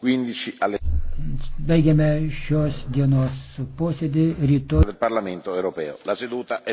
15 alle. Baigiame šios dienos posėdį rytoj. Parlamento europeo. La seduta è tolta.